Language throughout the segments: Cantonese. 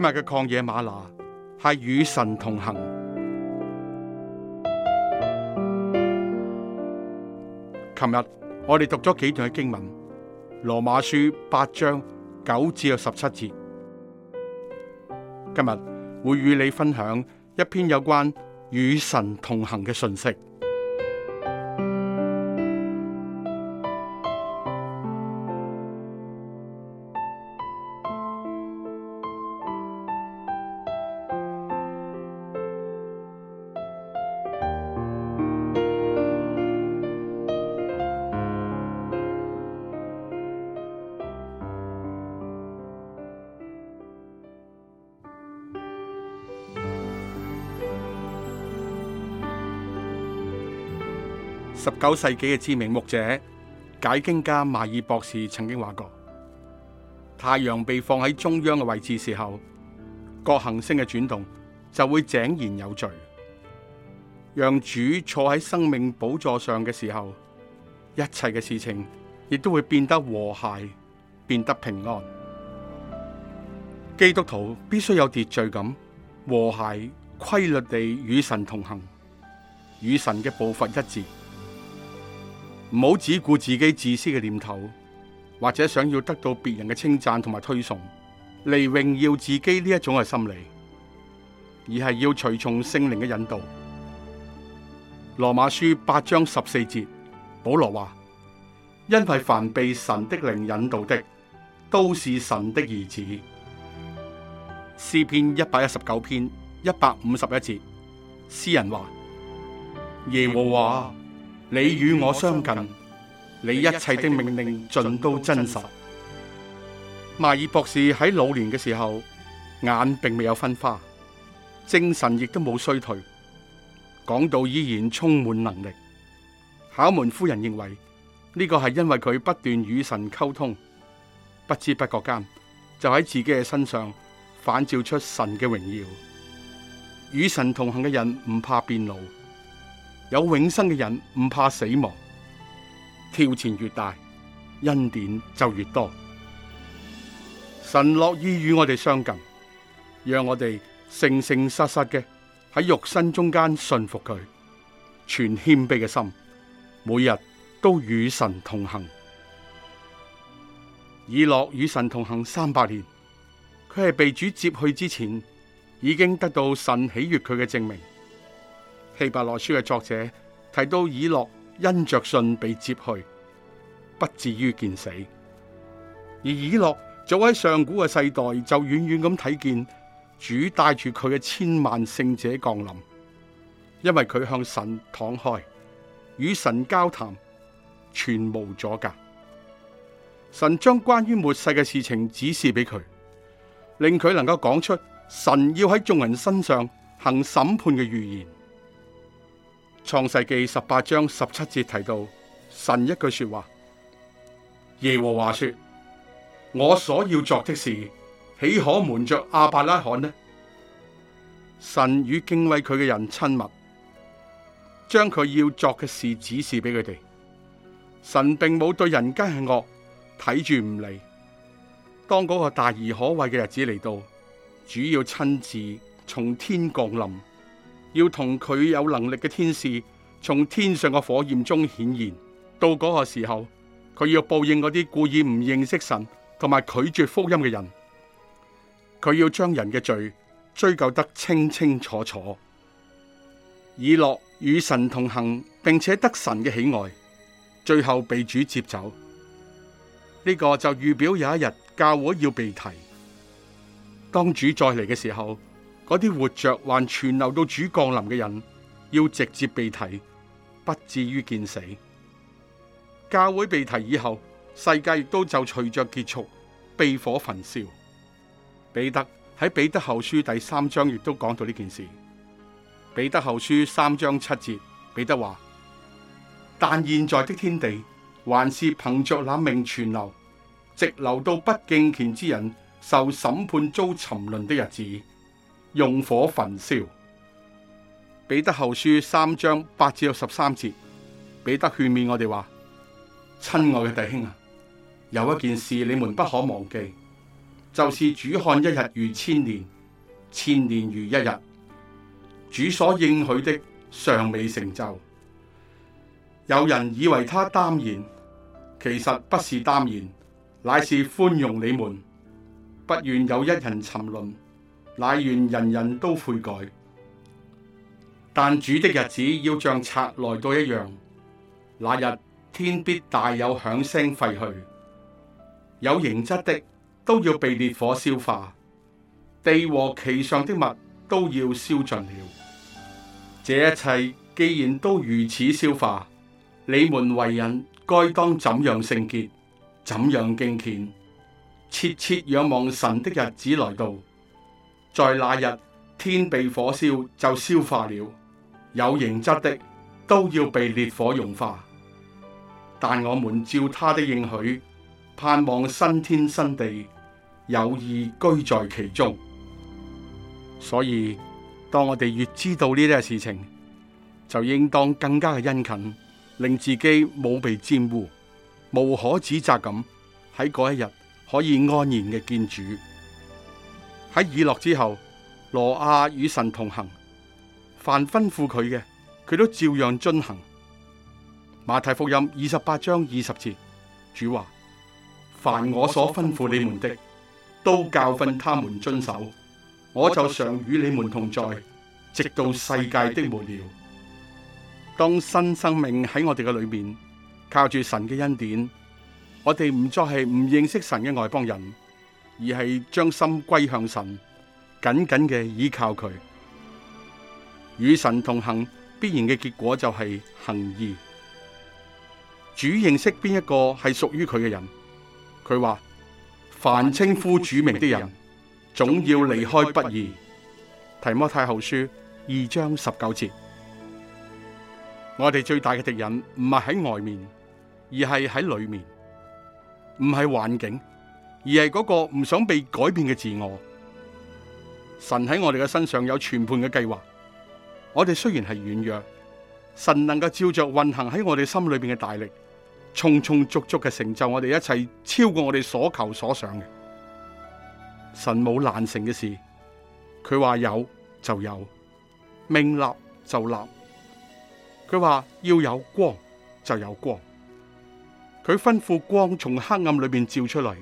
今日嘅曠野嗎哪係與神同行。琴日我哋讀咗幾段嘅經文，《羅馬書》八章九至十七節。今日會與你分享一篇有關與神同行嘅信息。九世紀嘅知名牧者解經家邁爾博士曾經話過：太陽被放喺中央嘅位置時候，各行星嘅轉動就會井然有序。讓主坐喺生命寶座上嘅時候，一切嘅事情亦都會變得和諧，變得平安。基督徒必須有秩序咁，和諧、規律地與神同行，與神嘅步伐一致。唔好只顧自己自私嘅念頭，或者想要得到別人嘅稱讚同埋推崇嚟榮耀自己呢一種嘅心理，而係要隨從聖靈嘅引導。羅馬書八章十四節，保羅話：因為凡被神的靈引導的，都是神的兒子。詩篇一百一十九篇一百五十一節，詩人話：耶和華。你與我相近，你一切的命令盡都真實。邁爾博士喺老年嘅時候，眼並未有分花，精神亦都冇衰退，講道依然充滿能力。考門夫人認為呢、這個係因為佢不斷與神溝通，不知不覺間就喺自己嘅身上反照出神嘅榮耀。與神同行嘅人唔怕變老。有永生嘅人唔怕死亡，挑戰越大，恩典就越多。神樂意與我哋相近，讓我哋誠誠實實嘅喺肉身中間信服佢，存謙卑嘅心，每日都與神同行。以諾與神同行三百年，佢係被主接去之前，已經得到神喜悦佢嘅證明。《希伯來書》嘅作者提到，以諾因着信被接去，不至於見死；而以諾早喺上古嘅世代就遠遠咁睇見主帶住佢嘅千萬聖者降臨，因為佢向神敞開，與神交談，全無阻隔。神將關於末世嘅事情指示俾佢，令佢能夠講出神要喺眾人身上行審判嘅預言。創世記十八章十七節提到神一句說話：耶和華說，我所要作的事豈可瞞着亞伯拉罕呢？神與敬畏佢嘅人親密，將佢要作嘅事指示俾佢哋。神並冇對人間嘅惡睇住唔理。當嗰個大而可畏嘅日子嚟到，主要親自從天降臨，要同佢有能力嘅天使從天上嘅火焰中顯現，到嗰個時候，佢要報應嗰啲故意唔認識神同埋拒絕福音嘅人，佢要將人嘅罪追究得清清楚楚。以諾與神同行，並且得神嘅喜愛，最後被主接走。呢個就預表有一日教會要被提，當主再嚟嘅時候。嗰啲活着還存留到主降臨嘅人，要直接被提，不至於見死。教會被提以後，世界亦都就隨着結束，被火焚燒。彼得喺彼得後書第三章亦都講到呢件事。彼得後書三章七節，彼得話：但現在的天地，還是憑着那命存留，直留到不敬虔之人受審判、遭沉淪的日子。用火焚燒。彼得後書三章八至十三節，彼得勸勉我哋話：親愛嘅弟兄啊，有一件事你們不可忘記，就是主看一日如千年，千年如一日。主所應許的尚未成就。有人以為他耽延，其實不是耽延，乃是寬容你們，不願有一人沉淪。乃願人人都悔改，但主的日子要像賊來到一樣。那日天必大有響聲廢去，有形質的都要被烈火消化，地和其上的物都要燒盡了。這一切既然都如此消化，你們為人該當怎樣聖潔，怎樣敬虔，切切仰望神的日子來到。在那日，天被火燒就銷化了，有形質的都要被烈火熔化。但我們照他的應許，盼望新天新地，有義居在其中。所以，當我哋越知道呢啲事情，就應當更加嘅殷勤，令自己冇被玷污，無可指責咁喺嗰一日可以安然嘅見主。喺以諾之後，挪亞與神同行，凡吩咐佢嘅，佢都照樣遵行。馬太福音二十八章二十節，主話：凡我所吩咐你們的，都教訓他們遵守。我就常與你們同在，直到世界的末了。當新生命喺我哋嘅裏面，靠住神嘅恩典，我哋唔再係唔認識神嘅外邦人而係將心歸向神，緊緊嘅依靠佢，與神同行，必然嘅結果就係行義。主認識邊一個係屬於佢嘅人，佢話凡稱呼主名的人，總要離開不義。提摩太後書二章十九節，我哋最大嘅敵人唔係喺外面，而係喺裏面，唔係環境。而係嗰個唔想被改變嘅自我。神喺我哋嘅身上有全盤嘅計劃。我哋雖然係軟弱，神能夠照着運行喺我哋心裏邊嘅大力，充充足足嘅成就我哋一切，超過我哋所求所想嘅。神冇難成嘅事，佢話有就有，命立就立。佢話要有光就有光，佢吩咐光從黑暗裏邊照出嚟。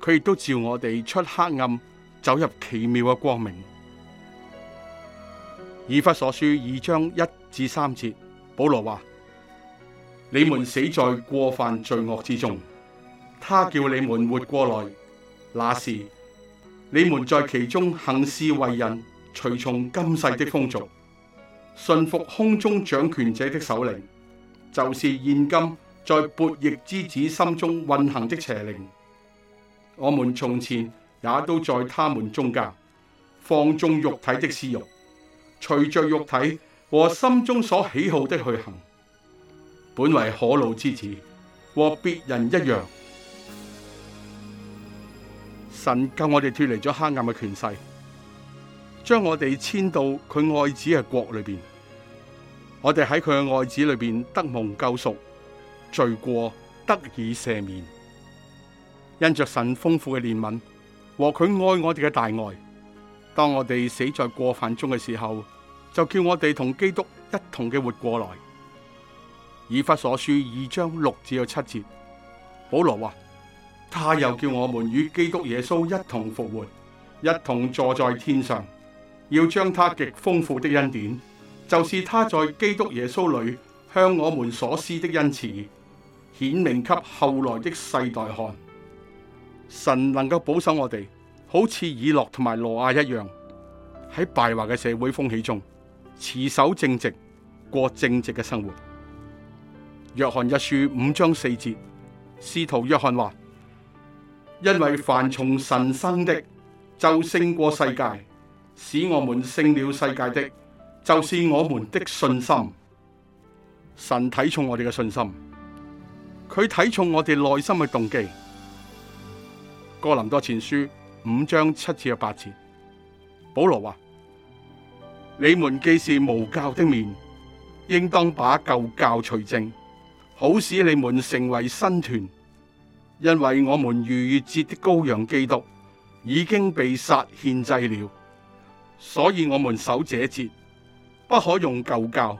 佢亦都召我哋出黑暗，走入奇妙嘅光明。以弗所書二章一至三節，保羅話：你們死在過犯罪惡之中，他叫你們活過來，那時你們在其中行事為人，隨從今世的風俗，順服空中掌權者的首領，就是現今在悖逆之子心中運行的邪靈。我們從前也都在他們中間，放縱肉體的私慾，隨着肉體和心中所喜好的去行，本為可怒之子，和別人一樣。神救我哋脫離咗黑暗嘅權勢，將我哋遷到佢愛子嘅國裏邊。我哋喺佢嘅愛子裏邊得蒙救贖，罪過得以赦免。因着神豐富嘅憐憫和佢愛我哋嘅大愛，當我哋死在過犯中嘅時候，就叫我哋同基督一同嘅活過來。以法所書二章六至到七節，保羅話：他又叫我們與基督耶穌一同復活，一同坐在天上，要將他極豐富的恩典，就是他在基督耶穌裡向我們所施的恩慈，顯明給後來的世代看。神能夠保守我哋，好似以諾同埋羅亞一樣，喺敗壞嘅社會風氣中，持守正直，過正直嘅生活。約翰一書五章四節，使徒約翰話：因為凡從神生的，就勝過世界；使我們勝了世界的，就是我們的信心。神睇重我哋嘅信心，佢睇重我哋內心嘅動機。哥林多前書五章七至八節，保羅話：你們既是無教的面，應當把舊教除淨，好使你們成為新團。因為我們逾越節的羔羊基督已經被殺獻祭了，所以我們守這節，不可用舊教，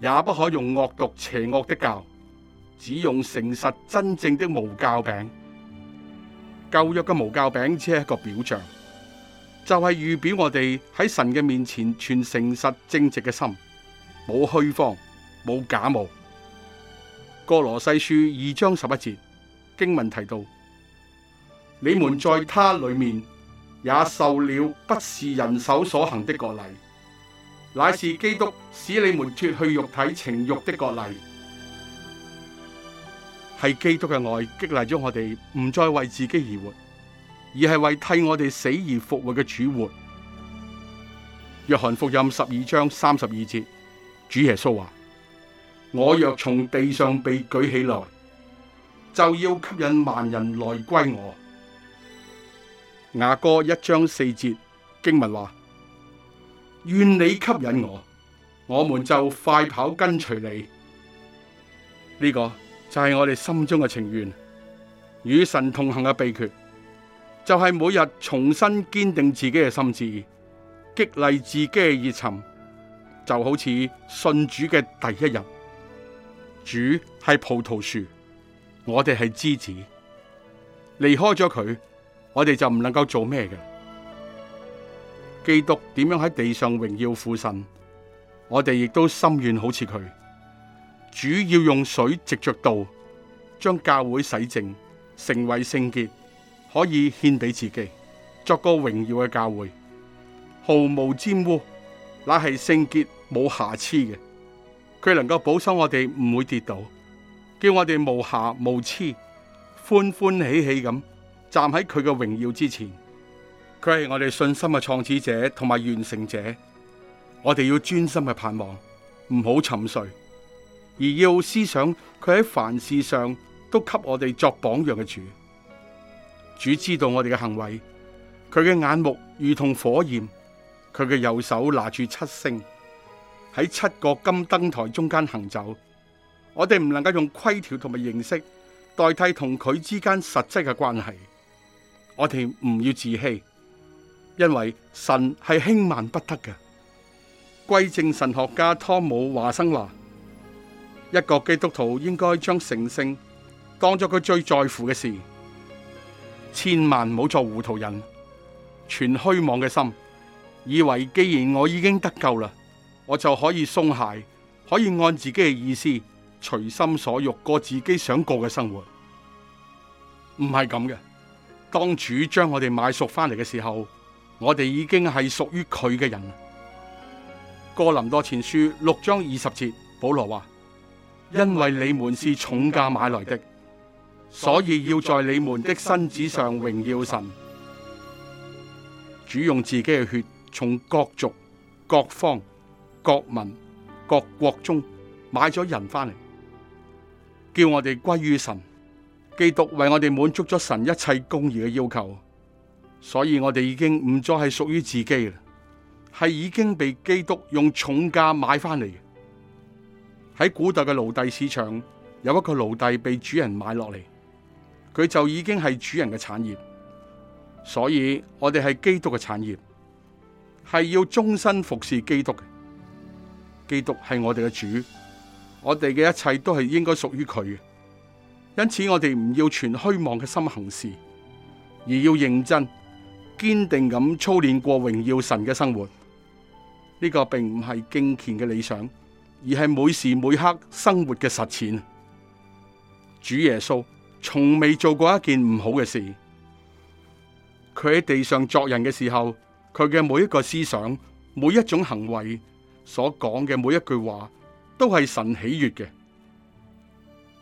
也不可用惡毒邪惡的教，只用誠實真正的無教餅。舊約嘅無酵餅只係一個表象，就係、是、預表我哋喺神嘅面前存誠實正直嘅心，冇虛謊，冇假冒。歌羅西書二章十一節經文提到：你們在他裏面也受了不是人手所行的割禮，乃是基督使你們脫去肉體情欲的割禮。係基督嘅愛激勵咗我哋，唔再為自己而活，而係為替我哋死而復活嘅主活。約翰福音十二章三十二節，主耶穌話：我若從地上被舉起來，就要吸引萬人來歸我。雅歌一章四節經文話：願你吸引我，我們就快跑跟隨你。呢、這個。就係我哋心中嘅情願，與神同行嘅秘訣，就係每日重新堅定自己嘅心志，激勵自己嘅熱忱，就好似信主嘅第一日。主係葡萄樹，我哋係枝子，離開咗佢，我哋就唔能夠做咩嘅。基督點樣喺地上榮耀父神，我哋亦都心願好似佢。主要用水藉着道將教會洗淨，成為聖潔，可以獻俾自己，作個榮耀嘅教會，毫無玷污，乃係聖潔，冇瑕疵嘅。佢能夠保守我哋，唔會跌倒，叫我哋無瑕無疵，歡歡喜喜咁站喺佢嘅榮耀之前。佢係我哋信心嘅創始者同埋完成者，我哋要專心去盼望，唔好沉睡。而要思想佢喺凡事上都給我哋作榜樣嘅主，主知道我哋嘅行為，佢嘅眼目如同火焰，佢嘅右手拿住七星，喺七個金燈台中間行走。我哋唔能夠用規條同埋認識代替同佢之間實際嘅關係。我哋唔要自欺，因為神係輕慢不得嘅。歸正神學家湯姆華生話。一個基督徒應該將成聖當作佢最在乎嘅事，千萬唔好做糊塗人，存虛妄嘅心，以為既然我已經得救啦，我就可以鬆懈，可以按自己嘅意思隨心所欲過自己想過嘅生活，唔係咁嘅。當主將我哋買贖翻嚟嘅時候，我哋已經係屬於佢嘅人。哥林多前書六章二十節，保羅話。因為你們是重價買來的，所以要在你們的身子上榮耀神。主用自己嘅血從各族、各方、各民、各國中買咗人翻嚟，叫我哋歸於神。基督為我哋滿足咗神一切公義嘅要求，所以我哋已經唔再係屬於自己啦，係已經被基督用重價買翻嚟喺古代嘅奴隸市場，有一個奴隸被主人買落嚟，佢就已經係主人嘅產業。所以，我哋係基督嘅產業，係要終身服侍基督嘅。基督係我哋嘅主，我哋嘅一切都係應該屬於佢嘅。因此，我哋唔要存虛妄嘅心行事，而要認真、堅定咁操練過榮耀神嘅生活。呢個並唔係敬虔嘅理想。而係每時每刻生活嘅實踐，主耶穌從未做過一件唔好嘅事。佢喺地上作人嘅時候，佢嘅每一個思想、每一種行為、所講嘅每一句話，都係神喜悅嘅。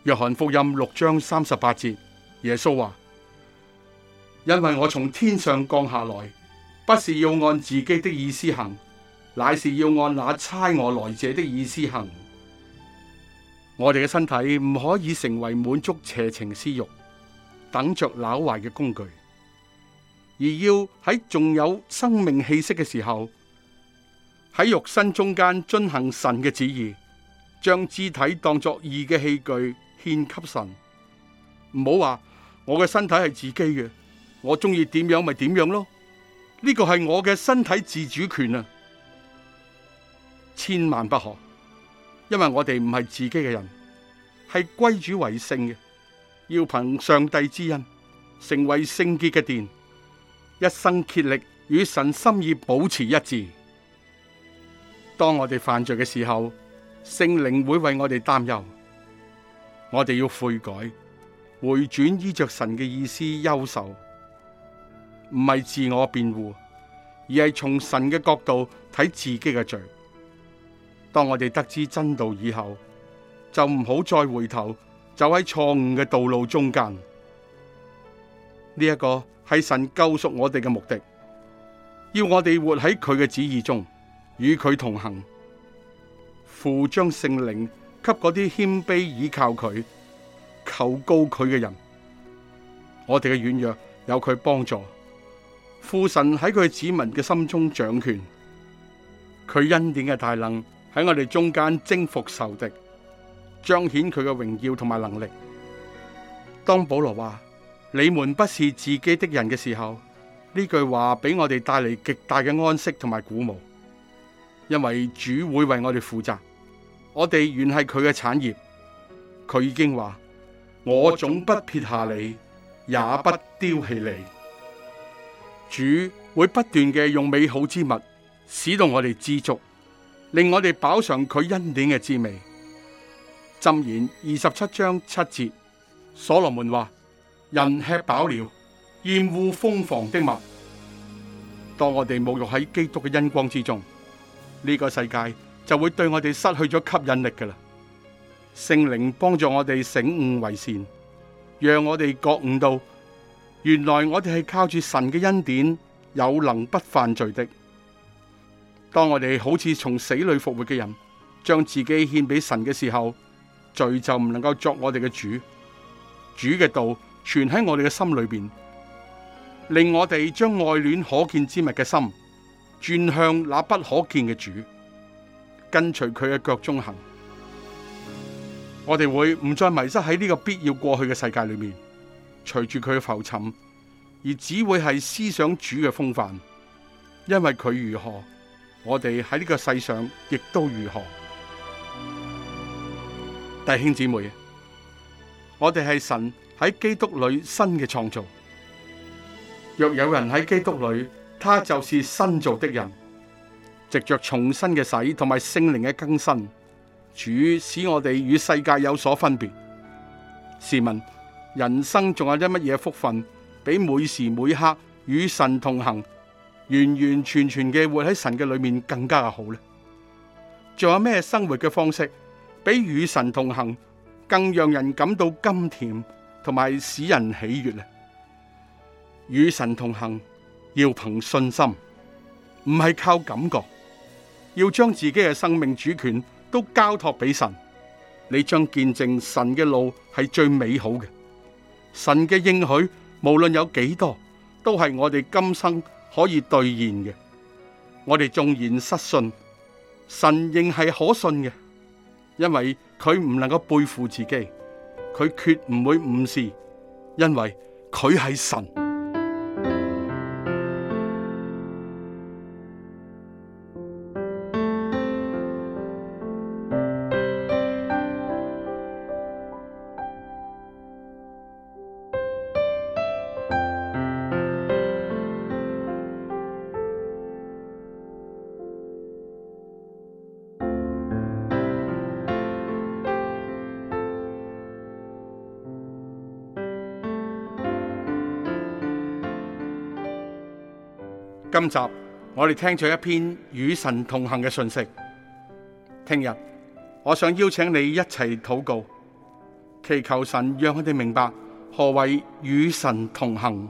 約翰福音六章三十八節，耶穌話：因為我從天上降下來，不是要按自己的意思行。乃是要按那差我來者的意思行。我哋嘅身體唔可以成為滿足邪情私欲、等着朽壞嘅工具，而要喺仲有生命氣息嘅時候，喺肉身中間遵行神嘅旨意，將肢體當作義嘅器具獻給神。唔好話我嘅身體係自己嘅，我中意點樣咪點樣咯。呢個係我嘅身體自主權啊！千萬不可，因為我哋唔係自己嘅人，係歸主為聖嘅，要憑上帝之恩成為聖潔嘅殿，一生竭力與神心意保持一致。當我哋犯罪嘅時候，聖靈會為我哋擔憂，我哋要悔改，回轉依着神嘅意思憂愁，唔係自我辯護，而係從神嘅角度睇自己嘅罪。當我哋得知真道以後，就唔好再回頭，走喺錯誤嘅道路中間。呢一個係神救贖我哋嘅目的，要我哋活喺佢嘅旨意中，與佢同行。父將聖靈給嗰啲謙卑倚靠佢、求告佢嘅人，我哋嘅軟弱有佢幫助。父神喺佢嘅子民嘅心中掌權，佢恩典嘅大能。喺我哋中間征服仇敵，彰顯佢嘅榮耀同埋能力。當保羅話你們不是自己的人嘅時候，呢句話俾我哋帶嚟極大嘅安息同埋鼓舞，因為主會為我哋負責，我哋原係佢嘅產業。佢已經話我總不撇下你，也不丟棄你。主會不斷嘅用美好之物，使到我哋知足。令我哋飽嘗佢恩典嘅滋味。箴言二十七章七節，所羅門話：人吃飽了，厭惡蜂房的蜜。當我哋沐浴喺基督嘅恩光之中，呢、這個世界就會對我哋失去咗吸引力噶啦。聖靈幫助我哋醒悟為善，讓我哋覺悟到，原來我哋係靠住神嘅恩典，有能不犯罪的。當我哋好似從死裏復活嘅人，將自己獻俾神嘅時候，罪就唔能夠作我哋嘅主。主嘅道存喺我哋嘅心裏邊，令我哋將愛戀可見之物嘅心轉向那不可見嘅主，跟隨佢嘅腳中行。我哋會唔再迷失喺呢個必要過去嘅世界裏面，隨住佢嘅浮沉，而只會係思想主嘅風範，因為佢如何。我哋喺呢個世上亦都如何，弟兄姊妹，我哋係神喺基督裏新嘅創造。若有人喺基督裏，他就是新造的人，藉着重生嘅洗同埋聖靈嘅更新，主使我哋與世界有所分別。試問，人生仲有啲乜嘢福分，比每時每刻與神同行？完完全全嘅活喺神嘅裏面更加好咧。仲有咩生活嘅方式比與神同行更讓人感到甘甜同埋使人喜悅呢？與神同行要憑信心，唔係靠感覺。要將自己嘅生命主權都交託俾神，你將見證神嘅路係最美好嘅。神嘅應許無論有幾多，都係我哋今生。可以兌現嘅，我哋縱然失信，神仍係可信嘅，因為佢唔能夠背負自己，佢決唔會誤事，因為佢係神。今集我哋聽咗一篇與神同行嘅訊息，聽日我想邀請你一齊禱告，祈求神讓佢哋明白何謂與神同行。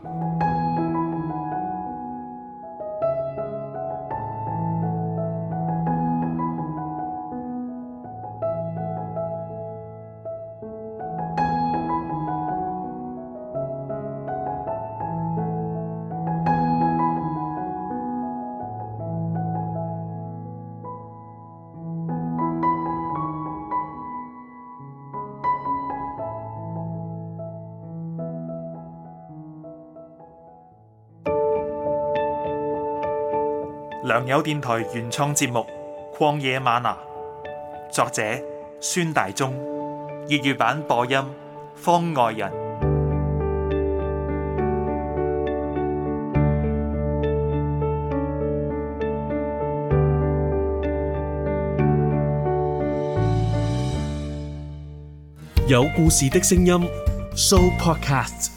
良友電台原創節目《曠野嗎哪》，作者孫大中，粵語版播音方外人，有故事的聲音，Show Podcast。